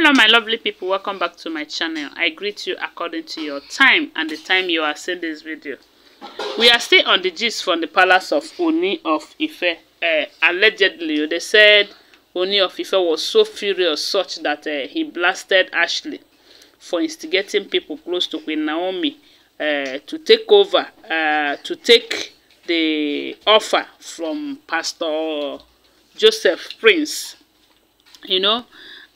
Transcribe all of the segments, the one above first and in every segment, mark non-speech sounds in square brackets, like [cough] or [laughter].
hello my lovely people welcome back to my channel i greet you according to your time and the time you are seeing this video we are still on the gist from the palace of Oni of Ife uh, allegedly they said Oni of Ife was so furious such that uh, he blasted Ashley for instigating people close to Queen Naomi uh, to take over uh, to take the offer from Pastor Joseph Prince you know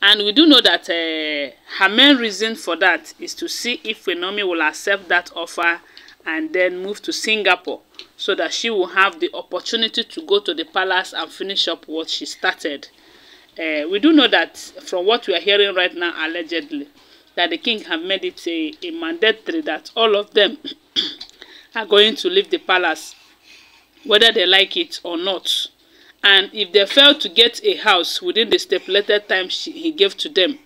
And we do know that uh, her main reason for that is to see if Fenomi will accept that offer and then move to Singapore so that she will have the opportunity to go to the palace and finish up what she started. Uh, we do know that from what we are hearing right now, allegedly, that the king have made it a, a mandatory that all of them [clears throat] are going to leave the palace, whether they like it or not and if they fail to get a house within the stipulated time she, he gave to them,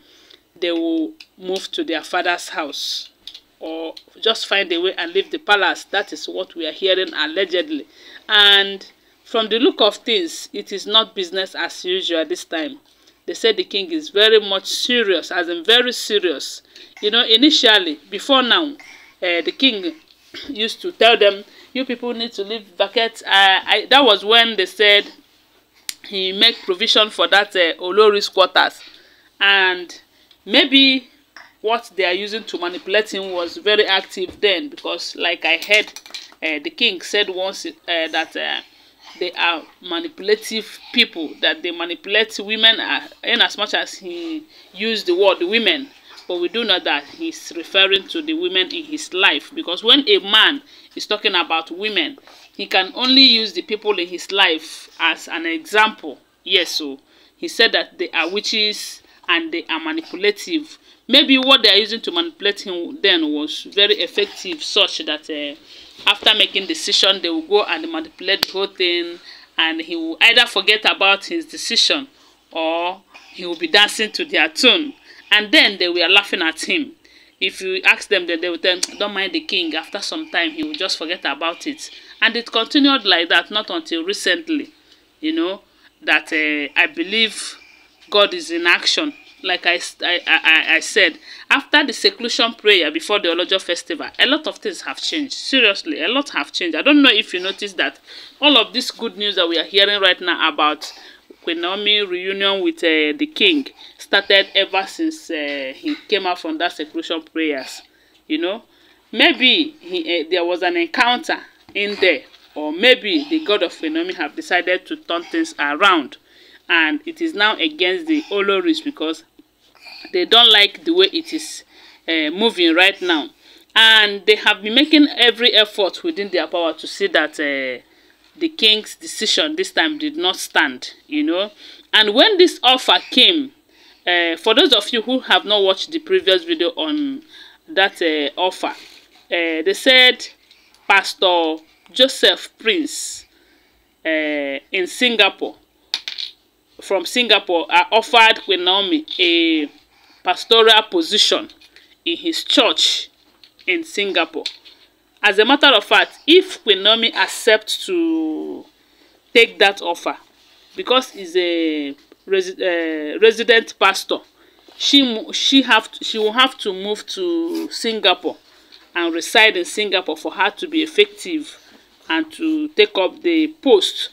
they will move to their father's house or just find a way and leave the palace. That is what we are hearing allegedly. And from the look of things, it is not business as usual this time. They said the king is very much serious, as in very serious. You know, initially, before now, uh, the king [clears throat] used to tell them, you people need to leave Vaket. Uh, I, that was when they said he make provision for that uh, risk quarters and maybe what they are using to manipulate him was very active then because like I heard uh, the king said once uh, that uh, they are manipulative people that they manipulate women uh, in as much as he used the word women but we do know that he's referring to the women in his life because when a man is talking about women he can only use the people in his life as an example yes so he said that they are witches and they are manipulative maybe what they are using to manipulate him then was very effective such that uh, after making decision they will go and manipulate the whole thing and he will either forget about his decision or he will be dancing to their tune and then they were laughing at him if you ask them then they will tell don't mind the king after some time he will just forget about it and it continued like that not until recently you know that uh, i believe god is in action like I, I, I, I said, after the seclusion prayer before the Olojo festival, a lot of things have changed. Seriously, a lot have changed. I don't know if you noticed that all of this good news that we are hearing right now about Queen Naomi reunion with uh, the king, started ever since uh, he came out from that seclusion prayers you know maybe he, uh, there was an encounter in there or maybe the god of phenomenon have decided to turn things around and it is now against the oloris because they don't like the way it is uh, moving right now and they have been making every effort within their power to see that uh, the king's decision this time did not stand you know and when this offer came Uh, for those of you who have not watched the previous video on that uh, offer, uh, they said Pastor Joseph Prince uh, in Singapore, from Singapore, uh, offered Queen a pastoral position in his church in Singapore. As a matter of fact, if Queen accepts to take that offer, because he's a resi uh, resident pastor she she have to, she will have to move to Singapore and reside in Singapore for her to be effective and to take up the post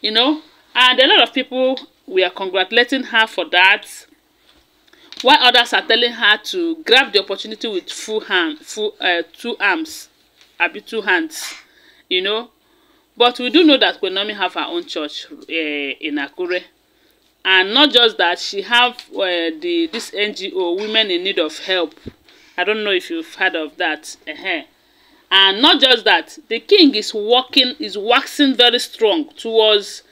you know and a lot of people we are congratulating her for that while others are telling her to grab the opportunity with full hand full uh, two arms abi two hands you know but we do know that Kwenomi have her own church uh, in Akure and not just that she have uh, the this ngo women in need of help i don't know if you've heard of that uh -huh. and not just that the king is working is waxing very strong towards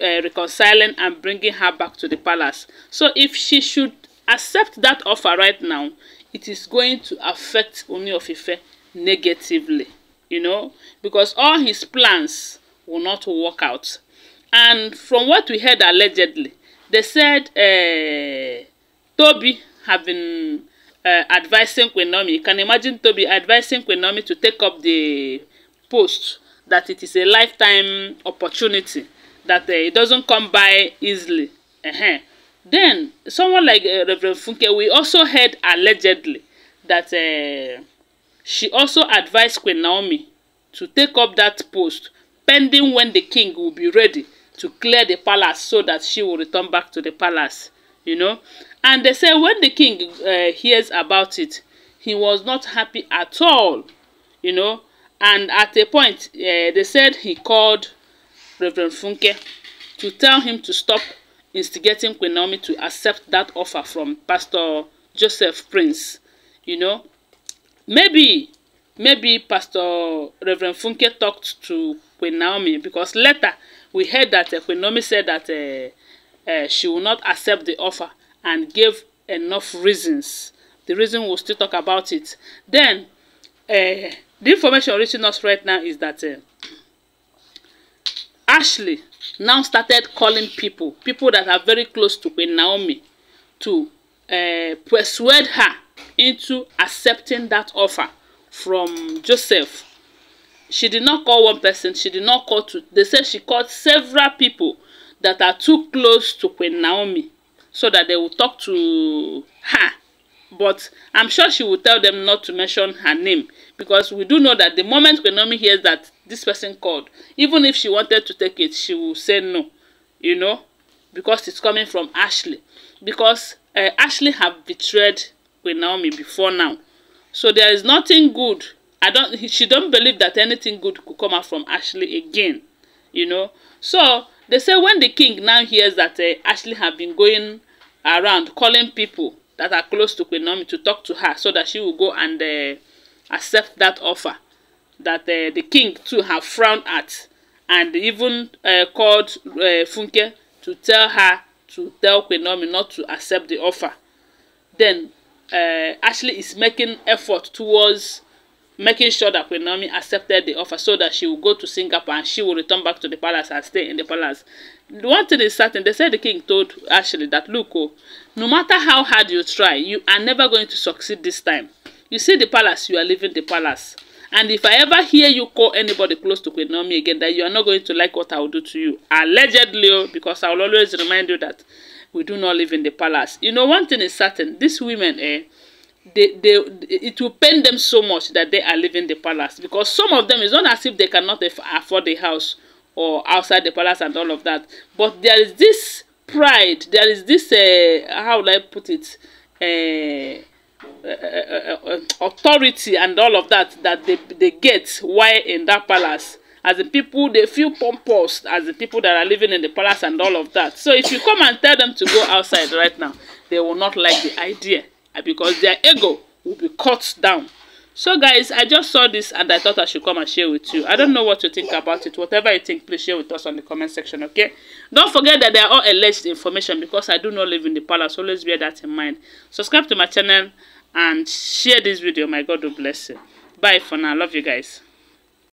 uh, reconciling and bringing her back to the palace so if she should accept that offer right now it is going to affect Ooni of Ife negatively you know because all his plans will not work out and from what we heard allegedly they said uh, Toby have been uh, advising Kwenomi. You can imagine Toby advising Kwenomi to take up the post, that it is a lifetime opportunity, that uh, it doesn't come by easily. Uh -huh. Then, someone like uh, Reverend Funke, we also heard allegedly that uh, she also advised Queen Naomi to take up that post pending when the king will be ready to clear the palace so that she will return back to the palace, you know. And they say when the king uh, hears about it, he was not happy at all, you know. And at a point, uh, they said he called Reverend Funke to tell him to stop instigating Queen Naomi to accept that offer from Pastor Joseph Prince, you know. Maybe, maybe Pastor Reverend Funke talked to Queen Naomi because later we heard that uh, Queen Naomi said that uh, uh, she will not accept the offer and gave enough reasons. The reason we'll still talk about it. Then, uh, the information reaching us right now is that uh, Ashley now started calling people, people that are very close to Queen Naomi, to uh, persuade her into accepting that offer from Joseph she did not call one person she did not call two they say she called several people that are too close to queen naomi so that they will talk to her but i'm sure she will tell them not to mention her name because we do know that the moment queen naomi hears that this person called even if she wanted to take it she will say no you know because it's coming from ashley because uh, ashley have betrayed queen naomi before now so there is nothing good I don't she don't believe that anything good could come out from Ashley again, you know. So they say when the king now hears that uh, Ashley have been going around calling people that are close to Queen Naomi to talk to her so that she will go and uh, accept that offer that uh, the king too have frowned at and even uh, called uh, Funke to tell her to tell Queen Naomi not to accept the offer. Then uh, Ashley is making effort towards making sure that Queen Naomi accepted the offer so that she would go to Singapore and she would return back to the palace and stay in the palace. The one thing is certain, they said the king told Ashley that, look, oh, no matter how hard you try, you are never going to succeed this time. You see the palace, you are leaving the palace. And if I ever hear you call anybody close to Queen Naomi again, that you are not going to like what I will do to you. Allegedly, oh, because I will always remind you that we do not live in the palace. You know, one thing is certain, these women, eh, they, they, it will pain them so much that they are leaving the palace because some of them, it's not as if they cannot afford the house or outside the palace and all of that. But there is this pride, there is this, uh, how would I put it, uh, uh, uh, uh, authority and all of that that they, they get while in that palace as the people they feel pompous as the people that are living in the palace and all of that so if you come and tell them to go outside right now they will not like the idea Uh, because their ego will be cut down. So guys, I just saw this and I thought I should come and share with you. I don't know what you think about it. Whatever you think, please share with us on the comment section, okay? Don't forget that they are all alleged information because I do not live in the palace. Always bear that in mind. Subscribe to my channel and share this video. My God will bless you. Bye for now. Love you guys.